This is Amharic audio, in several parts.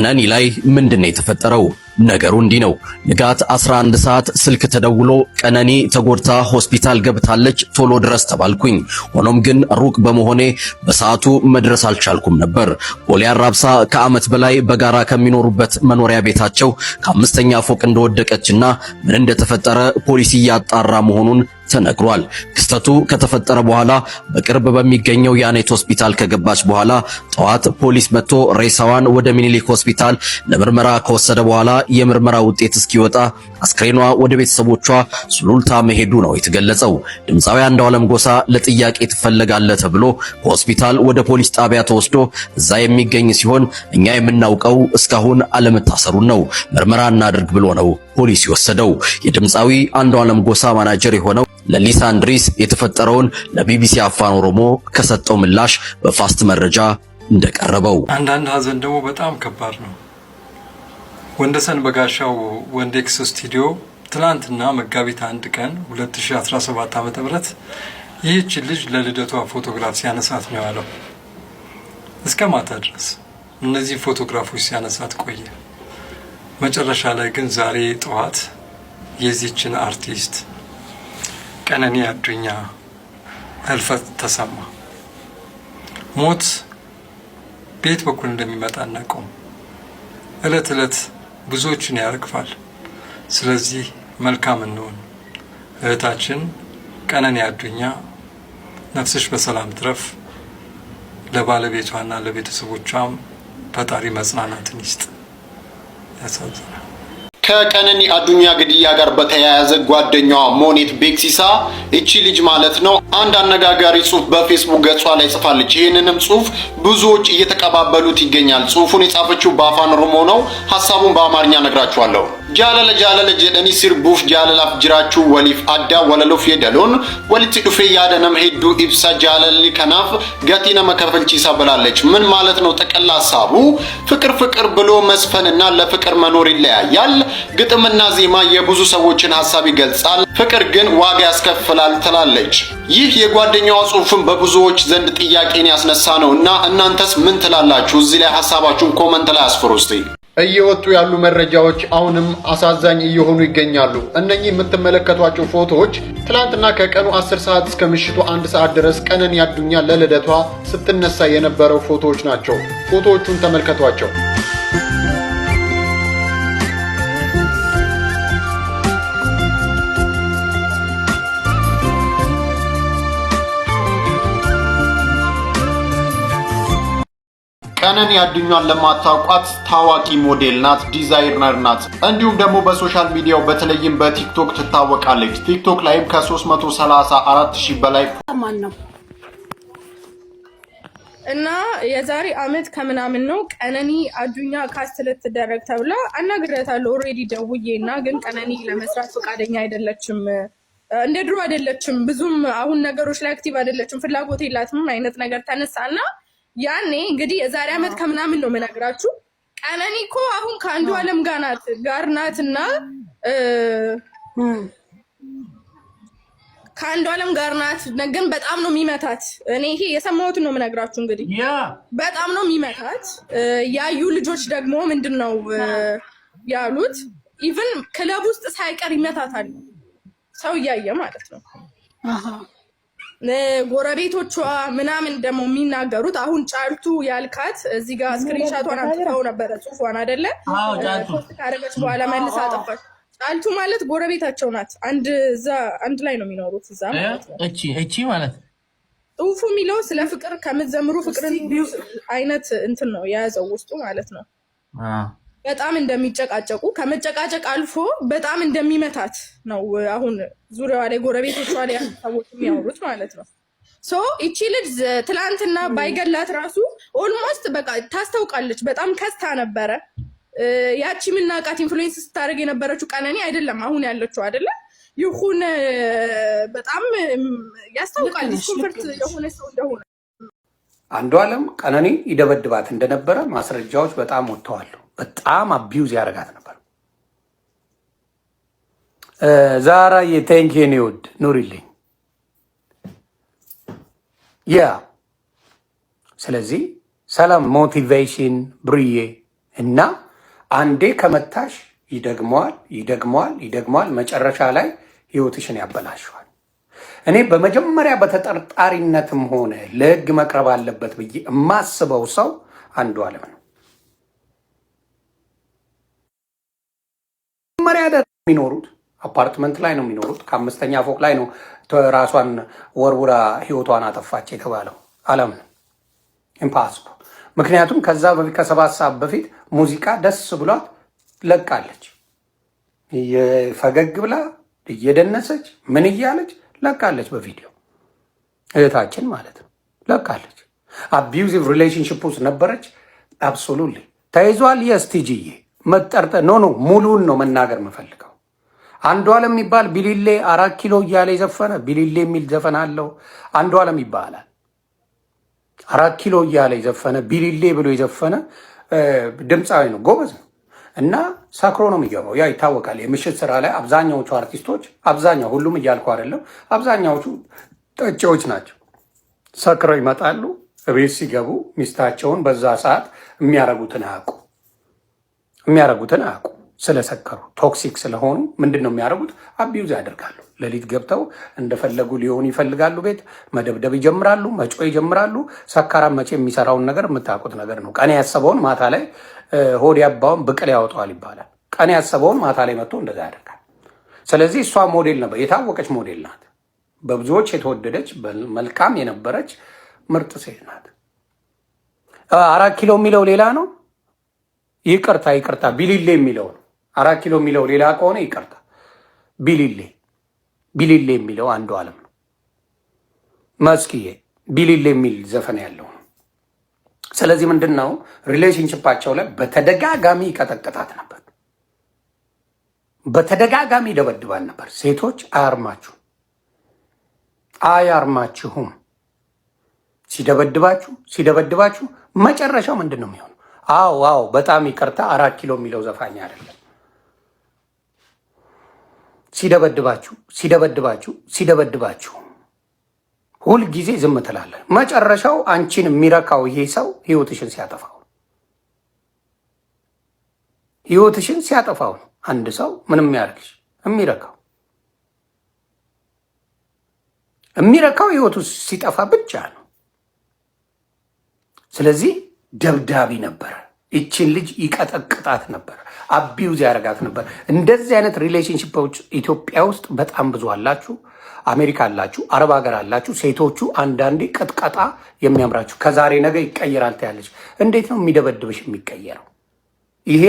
ቀነኒ ላይ ምንድን ነው የተፈጠረው? ነገሩ እንዲህ ነው። ንጋት 11 ሰዓት ስልክ ተደውሎ ቀነኒ ተጎድታ ሆስፒታል ገብታለች ቶሎ ድረስ ተባልኩኝ። ሆኖም ግን ሩቅ በመሆኔ በሰዓቱ መድረስ አልቻልኩም ነበር። ቦሌ አራብሳ ከዓመት በላይ በጋራ ከሚኖሩበት መኖሪያ ቤታቸው ከአምስተኛ ፎቅ እንደወደቀችና ምን እንደተፈጠረ ፖሊስ እያጣራ መሆኑን ተነግሯል። ክስተቱ ከተፈጠረ በኋላ በቅርብ በሚገኘው የአኔት ሆስፒታል ከገባች በኋላ ጠዋት ፖሊስ መጥቶ ሬሳዋን ወደ ሚኒሊክ ሆስፒታል ለምርመራ ከወሰደ በኋላ የምርመራ ውጤት እስኪወጣ አስክሬኗ ወደ ቤተሰቦቿ ሱሉልታ መሄዱ ነው የተገለጸው። ድምፃዊ አለም ጎሳ ለጥያቄ ትፈለጋለህ ተብሎ ከሆስፒታል ወደ ፖሊስ ጣቢያ ተወስዶ እዛ የሚገኝ ሲሆን እኛ የምናውቀው እስካሁን አለመታሰሩን ነው። ምርመራ እናድርግ ብሎ ነው ፖሊስ የወሰደው። የድምፃዊ አንዷለም ጎሳ ማናጀር የሆነው ለሊሳ እንድሪስ የተፈጠረውን ለቢቢሲ አፋን ኦሮሞ ከሰጠው ምላሽ በፋስት መረጃ እንደቀረበው አንዳንድ ሀዘን ደግሞ በጣም ከባድ ነው። ወንደሰን በጋሻው ወንዴክስ ስቱዲዮ ትናንትና መጋቢት አንድ ቀን 2017 ዓ ም ይህች ልጅ ለልደቷ ፎቶግራፍ ሲያነሳት ነው ያለው። እስከ ማታ ድረስ እነዚህ ፎቶግራፎች ሲያነሳት ቆየ። መጨረሻ ላይ ግን ዛሬ ጠዋት የዚችን አርቲስት ቀነኒ አዱኛ ህልፈት ተሰማ። ሞት ቤት በኩል እንደሚመጣ እናቀውም። እለት እለት ብዙዎችን ያርግፋል። ስለዚህ መልካም እንሆን። እህታችን ቀነኒ አዱኛ ነፍስሽ በሰላም ትረፍ። ለባለቤቷና ለቤተሰቦቿም ፈጣሪ መጽናናትን ይስጥ። ያሳዝናል። ከቀነኒ አዱኛ ግድያ ጋር በተያያዘ ጓደኛዋ ሞኔት ቤክሲሳ እቺ ልጅ ማለት ነው አንድ አነጋጋሪ ጽሁፍ በፌስቡክ ገጿ ላይ ጽፋለች። ይህንንም ጽሁፍ ብዙዎች እየተቀባበሉት ይገኛል። ጽሁፉን የጻፈችው በአፋን ኦሮሞ ነው። ሀሳቡን በአማርኛ ነግራችኋለሁ። jaalala jaalala jedhanii sirbuuf jaalalaaf jiraachuu waliif addaa walaluuf yeedaloon walitti dhufee yaada nama hedduu ibsa jaalalli kanaaf gatii nama kaፈልቺሳ ብላለች። ምን ማለት ነው? ጠቅላ ሀሳቡ ፍቅር ፍቅር ብሎ መስፈንና ለፍቅር መኖር ይለያያል። ግጥምና ዜማ የብዙ ሰዎችን ሀሳብ ይገልጻል፣ ፍቅር ግን ዋጋ ያስከፍላል ትላለች። ይህ የጓደኛዋ ጽሑፍን በብዙዎች ዘንድ ጥያቄን ያስነሳ ነው እና እናንተስ ምን ትላላችሁ? እዚህ ላይ ሀሳባችሁን ኮመንት ላይ አስፍሩ እስቲ። እየወጡ ያሉ መረጃዎች አሁንም አሳዛኝ እየሆኑ ይገኛሉ። እነኚህ የምትመለከቷቸው ፎቶዎች ትላንትና ከቀኑ 10 ሰዓት እስከ ምሽቱ አንድ ሰዓት ድረስ ቀነኒ አዱኛ ለልደቷ ስትነሳ የነበረው ፎቶዎች ናቸው። ፎቶዎቹን ተመልከቷቸው። ቀነኒ አዱኛን ለማታውቋት ታዋቂ ሞዴል ናት፣ ዲዛይነር ናት። እንዲሁም ደግሞ በሶሻል ሚዲያው በተለይም በቲክቶክ ትታወቃለች። ቲክቶክ ላይም ከ334 ሺህ በላይ ማን ነው እና የዛሬ አመት ከምናምን ነው ቀነኒ አዱኛ ካስት ልትደረግ ተብላ አናግሬያታለሁ። ኦልሬዲ ደውዬ እና ግን ቀነኒ ለመስራት ፈቃደኛ አይደለችም። እንደ ድሮ አይደለችም። ብዙም አሁን ነገሮች ላይ አክቲቭ አይደለችም። ፍላጎት የላትም አይነት ነገር ተነሳና ያኔ እንግዲህ የዛሬ ዓመት ከምናምን ነው መናግራችሁ። ቀነኒ እኮ አሁን ከአንዱ አለም ጋር ናት ጋር ናት እና ከአንዱ አለም ጋር ናት፣ ግን በጣም ነው የሚመታት። እኔ ይሄ የሰማሁትን ነው የምነግራችሁ። እንግዲህ በጣም ነው የሚመታት። ያዩ ልጆች ደግሞ ምንድን ነው ያሉት? ኢቭን ክለብ ውስጥ ሳይቀር ይመታታል፣ ሰው እያየ ማለት ነው። ጎረቤቶቿ ምናምን ደግሞ የሚናገሩት አሁን ጫልቱ ያልካት እዚህ ጋር ስክሪንሻቷን አጥፋው ነበረ ጽሁፏን አደለ ካደረገች በኋላ መልስ አጠፋች። ጫልቱ ማለት ጎረቤታቸው ናት። አንድ እዛ አንድ ላይ ነው የሚኖሩት እዛ ማለት እቺ ማለት ጽሁፉ የሚለው ስለ ፍቅር ከምትዘምሩ ፍቅርን አይነት እንትን ነው የያዘው ውስጡ ማለት ነው። በጣም እንደሚጨቃጨቁ ከመጨቃጨቅ አልፎ በጣም እንደሚመታት ነው አሁን ዙሪያዋ ላይ ጎረቤቶቿ ላይ ሰዎች የሚያወሩት ማለት ነው። ሶ ይቺ ልጅ ትላንትና ባይገላት ራሱ ኦልሞስት በቃ ታስታውቃለች። በጣም ከስታ ነበረ። ያቺ የምናውቃት ኢንፍሉዌንስ ስታደርግ የነበረችው ቀነኒ አይደለም አሁን ያለችው አይደለም። ይሁን በጣም ያስታውቃል ዲስኮንፈርት የሆነ ሰው እንደሆነ አንዱ አለም ቀነኒ ይደበድባት እንደነበረ ማስረጃዎች በጣም ወጥተዋል። በጣም አቢዩዝ ያደርጋት ነበር። ዛራ የቴንክ ኔውድ ኑሪልኝ ያ ስለዚህ ሰላም ሞቲቬሽን ብርዬ እና አንዴ ከመታሽ ይደግመዋል ይደግመዋል ይደግመዋል። መጨረሻ ላይ ህይወትሽን ያበላሸዋል። እኔ በመጀመሪያ በተጠርጣሪነትም ሆነ ለህግ መቅረብ አለበት ብዬ የማስበው ሰው አንዱ አለም ነው። መጀመሪያ ደ የሚኖሩት አፓርትመንት ላይ ነው የሚኖሩት። ከአምስተኛ ፎቅ ላይ ነው ራሷን ወርውራ ህይወቷን አጠፋች የተባለው አለምን ነው ምክንያቱም ከዛ በፊት ከሰባት ሰዓት በፊት ሙዚቃ ደስ ብሏት ለቃለች። ፈገግ ብላ እየደነሰች ምን እያለች ለቃለች። በቪዲዮ እህታችን ማለት ነው ለቃለች። አቢዩዚቭ ሪሌሽንሽፕ ውስጥ ነበረች። አብሶሉትሊ ተይዟል። የስቲጂዬ መጠርጠር ኖ ኖ ሙሉን ነው መናገር የምፈልገው። አንዱ ዓለም የሚባል ቢሊሌ አራት ኪሎ እያለ የዘፈነ ቢሊሌ የሚል ዘፈን አለው። አንዱ ዓለም ይባላል። አራት ኪሎ እያለ የዘፈነ ቢሊሌ ብሎ የዘፈነ ድምፃዊ ነው፣ ጎበዝ ነው እና ሰክሮ ነው የሚገባው። ያ ይታወቃል። የምሽት ስራ ላይ አብዛኛዎቹ አርቲስቶች አብዛኛው፣ ሁሉም እያልኩ አይደለም፣ አብዛኛዎቹ ጠጪዎች ናቸው። ሰክረው ይመጣሉ። እቤት ሲገቡ ሚስታቸውን በዛ ሰዓት የሚያረጉትን አያውቁ የሚያደርጉትን አያውቁ ስለሰከሩ ቶክሲክ ስለሆኑ ምንድን ነው የሚያደርጉት? አቢዩዝ ያደርጋሉ። ሌሊት ገብተው እንደፈለጉ ሊሆኑ ይፈልጋሉ። ቤት መደብደብ ይጀምራሉ፣ መጮ ይጀምራሉ። ሰካራም መቼ የሚሰራውን ነገር የምታውቁት ነገር ነው። ቀን ያሰበውን ማታ ላይ ሆድ ያባውን ብቅል ያወጣዋል ይባላል። ቀን ያሰበውን ማታ ላይ መጥቶ እንደዛ ያደርጋል። ስለዚህ እሷ ሞዴል ነበር፣ የታወቀች ሞዴል ናት። በብዙዎች የተወደደች መልካም የነበረች ምርጥ ሴት ናት። አራት ኪሎ የሚለው ሌላ ነው። ይቅርታ ይቅርታ ቢሊሌ የሚለው ነው። አራት ኪሎ የሚለው ሌላ ከሆነ ይቅርታ ቢሊሌ ቢሊሌ የሚለው አንዱ አለም ነው። መስኪዬ ቢሊሌ የሚል ዘፈን ያለው ነው። ስለዚህ ምንድን ነው ሪሌሽንሽፓቸው ላይ በተደጋጋሚ ይቀጠቅጣት ነበር። በተደጋጋሚ ይደበድባል ነበር። ሴቶች አያርማችሁ አያርማችሁም። ሲደበድባችሁ ሲደበድባችሁ መጨረሻው ምንድን ነው የሚሆነው? አዎ አዎ፣ በጣም ይቅርታ አራት ኪሎ የሚለው ዘፋኝ አይደለም። ሲደበድባችሁ ሲደበድባችሁ ሲደበድባችሁ ሁልጊዜ ዝም ትላለህ። መጨረሻው አንቺን የሚረካው ይሄ ሰው ህይወትሽን ሲያጠፋው ህይወትሽን ሲያጠፋው ነው። አንድ ሰው ምንም ያደርግሽ የሚረካው የሚረካው ህይወቱ ሲጠፋ ብቻ ነው። ስለዚህ ደብዳቢ ነበረ። ይችን ልጅ ይቀጠቅጣት ነበር፣ አቢውዝ ያደርጋት ነበር። እንደዚህ አይነት ሪሌሽንሽፖች ኢትዮጵያ ውስጥ በጣም ብዙ አላችሁ፣ አሜሪካ አላችሁ፣ አረብ ሀገር አላችሁ። ሴቶቹ አንዳንዴ ቅጥቀጣ የሚያምራችሁ ከዛሬ ነገ ይቀየራል ትያለች። እንዴት ነው የሚደበድበሽ የሚቀየረው? ይሄ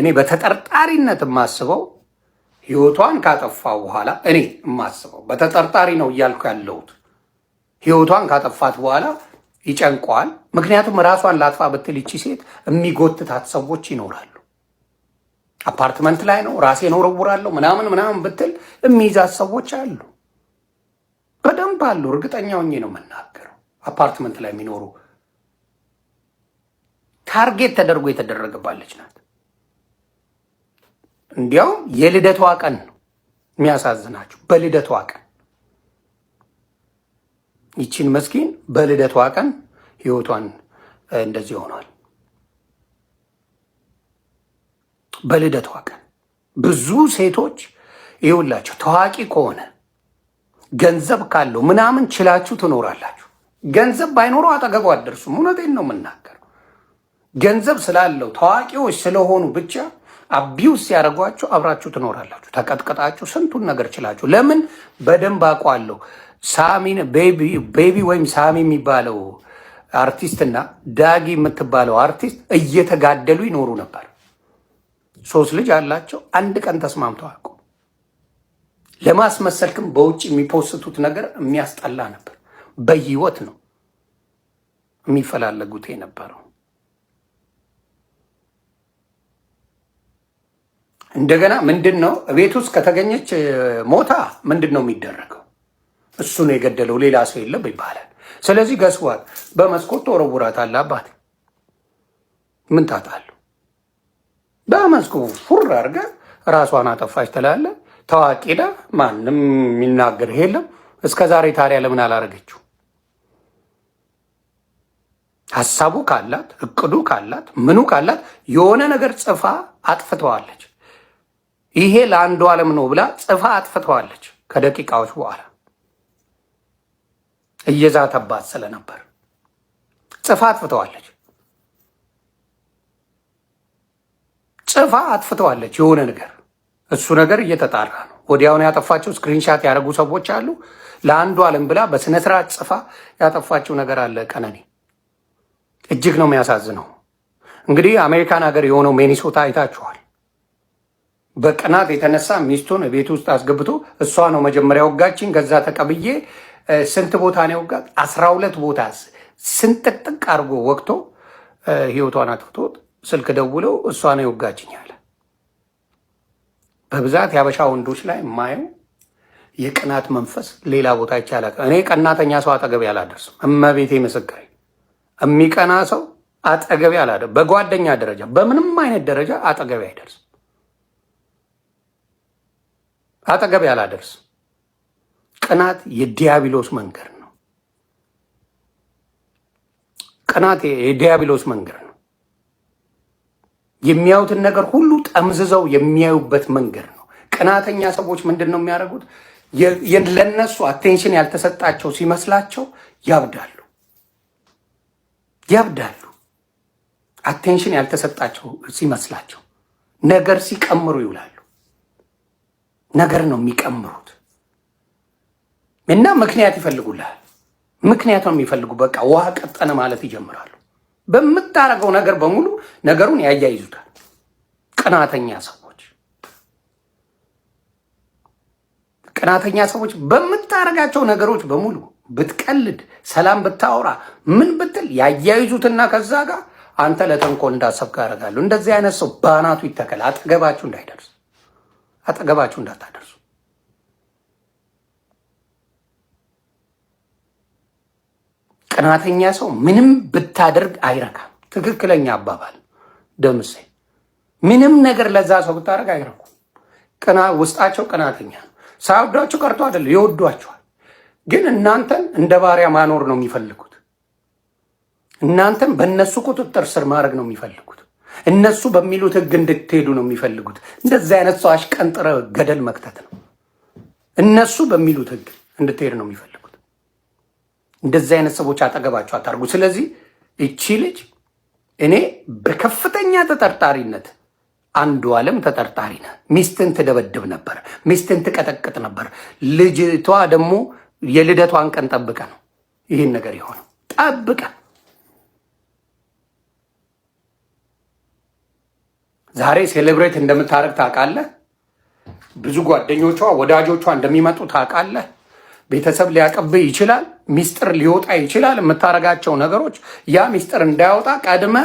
እኔ በተጠርጣሪነት የማስበው ህይወቷን ካጠፋ በኋላ እኔ የማስበው በተጠርጣሪ ነው እያልኩ ያለሁት ህይወቷን ካጠፋት በኋላ ይጨንቀዋል። ምክንያቱም ራሷን ላጥፋ ብትል ይቺ ሴት የሚጎትታት ሰዎች ይኖራሉ። አፓርትመንት ላይ ነው ራሴን ወረውራለሁ ምናምን ምናምን ብትል የሚይዛት ሰዎች አሉ፣ በደንብ አሉ። እርግጠኛ ሆኜ ነው የምናገረው። አፓርትመንት ላይ የሚኖሩ ታርጌት ተደርጎ የተደረገባለች ናት። እንዲያውም የልደቷ ቀን ነው የሚያሳዝናችሁ፣ በልደቷ ቀን ይቺን መስኪን በልደቷ ቀን ህይወቷን እንደዚህ ሆኗል። በልደቷ ቀን ብዙ ሴቶች ይውላችሁ፣ ታዋቂ ከሆነ ገንዘብ ካለው ምናምን ችላችሁ ትኖራላችሁ። ገንዘብ ባይኖረው አጠገቡ አትደርሱም። እውነቴን ነው የምናገር። ገንዘብ ስላለው ታዋቂዎች ስለሆኑ ብቻ አቢውስ ሲያደርጓችሁ አብራችሁ ትኖራላችሁ። ተቀጥቅጣችሁ ስንቱን ነገር ችላችሁ። ለምን በደንብ አውቀዋለሁ። ሳሚን ቤቢ ወይም ሳሚ የሚባለው አርቲስት እና ዳጊ የምትባለው አርቲስት እየተጋደሉ ይኖሩ ነበር። ሶስት ልጅ አላቸው። አንድ ቀን ተስማምተው አቁ ለማስመሰልክም በውጭ የሚፖስቱት ነገር የሚያስጠላ ነበር። በህይወት ነው የሚፈላለጉት የነበረው። እንደገና ምንድን ነው ቤት ውስጥ ከተገኘች ሞታ ምንድን ነው የሚደረገው? እሱ ነው የገደለው፣ ሌላ ሰው የለም ይባላል። ስለዚህ ገስዋል በመስኮት ተወረውራት አለ አባት ምን ታጣሉ? በመስኮ ፉር አድርገ ራሷን አጠፋች ትላለ። ታዋቂዳ ማንም የሚናገር የለም። እስከ ዛሬ ታዲያ ለምን አላረገችው? ሀሳቡ ካላት እቅዱ ካላት ምኑ ካላት የሆነ ነገር ጽፋ አጥፍተዋለች። ይሄ ለአንዱ ዓለም ነው ብላ ጽፋ አጥፍተዋለች ከደቂቃዎች በኋላ እየዛተባት ስለነበር ጽፋ አጥፍተዋለች። ጽፋ አጥፍተዋለች የሆነ ነገር እሱ ነገር እየተጣራ ነው። ወዲያውን ያጠፋቸው ስክሪንሻት ያደረጉ ሰዎች አሉ። ለአንዱ አለም ብላ በስነ ስርዓት ጽፋ ያጠፋቸው ነገር አለ። ቀነኔ እጅግ ነው የሚያሳዝነው። እንግዲህ አሜሪካን ሀገር የሆነው ሚኒሶታ አይታችኋል። በቅናት የተነሳ ሚስቱን ቤት ውስጥ አስገብቶ እሷ ነው መጀመሪያ ወጋችን፣ ከዛ ተቀብዬ ስንት ቦታ ነው የወጋት? አስራ ሁለት ቦታ ስንጥቅጥቅ አድርጎ ወቅቶ ህይወቷን አጥፍቶት ስልክ ደውለው እሷ ነው የወጋችኝ አለ። በብዛት የአበሻ ወንዶች ላይ ማየው የቅናት መንፈስ ሌላ ቦታ ይቻላል። እኔ ቀናተኛ ሰው አጠገቤ አላደርስም። እመቤቴ ምስክር፣ የሚቀና ሰው አጠገቤ አላደርስም። በጓደኛ ደረጃ በምንም አይነት ደረጃ አጠገቤ አይደርስም፣ አጠገቤ አላደርስም። ቅናት የዲያብሎስ መንገድ ነው። ቅናት የዲያብሎስ መንገድ ነው። የሚያዩትን ነገር ሁሉ ጠምዝዘው የሚያዩበት መንገድ ነው። ቅናተኛ ሰዎች ምንድን ነው የሚያደርጉት? ለነሱ አቴንሽን ያልተሰጣቸው ሲመስላቸው ያብዳሉ ያብዳሉ። አቴንሽን ያልተሰጣቸው ሲመስላቸው ነገር ሲቀምሩ ይውላሉ። ነገር ነው የሚቀምሩት። እና ምክንያት ይፈልጉልሃል። ምክንያቷም የሚፈልጉ በቃ ውሃ ቀጠነ ማለት ይጀምራሉ። በምታረገው ነገር በሙሉ ነገሩን ያያይዙታል። ቅናተኛ ሰዎች ቅናተኛ ሰዎች በምታረጋቸው ነገሮች በሙሉ ብትቀልድ፣ ሰላም ብታወራ፣ ምን ብትል ያያይዙትና ከዛ ጋር አንተ ለተንኮል እንዳሰብክ ያደርጋሉ። እንደዚህ አይነት ሰው በአናቱ ይተከል። አጠገባችሁ እንዳይደርስ አጠገባችሁ እንዳታደርሱ ቀናተኛ ሰው ምንም ብታደርግ አይረካም። ትክክለኛ አባባል ደምሴ። ምንም ነገር ለዛ ሰው ብታደርግ አይረኩም። ቅና ውስጣቸው ቀናተኛ ነው። ሳይወዷቸው ቀርቶ አይደለም ይወዷቸዋል፣ ግን እናንተን እንደ ባሪያ ማኖር ነው የሚፈልጉት። እናንተን በእነሱ ቁጥጥር ስር ማድረግ ነው የሚፈልጉት። እነሱ በሚሉት ሕግ እንድትሄዱ ነው የሚፈልጉት። እንደዚህ አይነት ሰው አሽቀንጥረ ገደል መክተት ነው። እነሱ በሚሉት ሕግ እንድትሄድ ነው የሚፈልጉት። እንደዚህ አይነት ሰዎች አጠገባቸው አታርጉ። ስለዚህ እቺ ልጅ እኔ በከፍተኛ ተጠርጣሪነት አንዱ ዓለም ተጠርጣሪ ነ ሚስትን ትደበድብ ነበር፣ ሚስትን ትቀጠቅጥ ነበር። ልጅቷ ደግሞ የልደቷን ቀን ጠብቀ ነው ይህን ነገር የሆነው ጠብቀ። ዛሬ ሴሌብሬት እንደምታደርግ ታውቃለህ። ብዙ ጓደኞቿ ወዳጆቿ እንደሚመጡ ታውቃለህ። ቤተሰብ ሊያቀብህ ይችላል። ሚስጥር ሊወጣ ይችላል። የምታረጋቸው ነገሮች ያ ሚስጥር እንዳያወጣ ቀድመ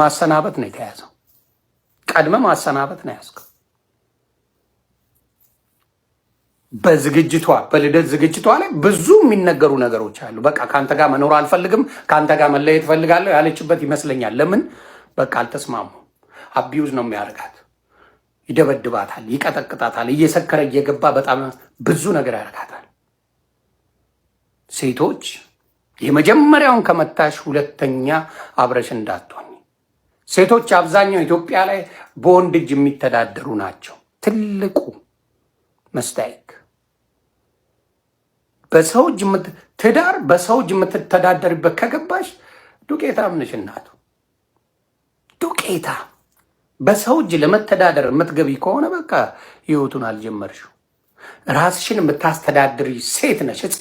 ማሰናበት ነው የተያዘው። ቀድመ ማሰናበት ነው ያዝከው። በዝግጅቷ በልደት ዝግጅቷ ላይ ብዙ የሚነገሩ ነገሮች አሉ። በቃ ከአንተ ጋር መኖር አልፈልግም፣ ከአንተ ጋር መለየት እፈልጋለሁ ያለችበት ይመስለኛል። ለምን በቃ አልተስማሙ። አቢዩዝ ነው የሚያደርጋት ይደበድባታል፣ ይቀጠቅጣታል። እየሰከረ እየገባ በጣም ብዙ ነገር ያደርጋታል። ሴቶች የመጀመሪያውን ከመታሽ ሁለተኛ አብረሽ እንዳትሆኝ። ሴቶች አብዛኛው ኢትዮጵያ ላይ በወንድ እጅ የሚተዳደሩ ናቸው። ትልቁ መስታይክ በሰው እጅ ትዳር በሰው እጅ የምትተዳደርበት ከገባሽ ዱቄታም ነሽ እናቱ ዱቄታ በሰው እጅ ለመተዳደር የምትገቢ ከሆነ በቃ ህይወቱን አልጀመርሽው። ራስሽን የምታስተዳድሪ ሴት ነች።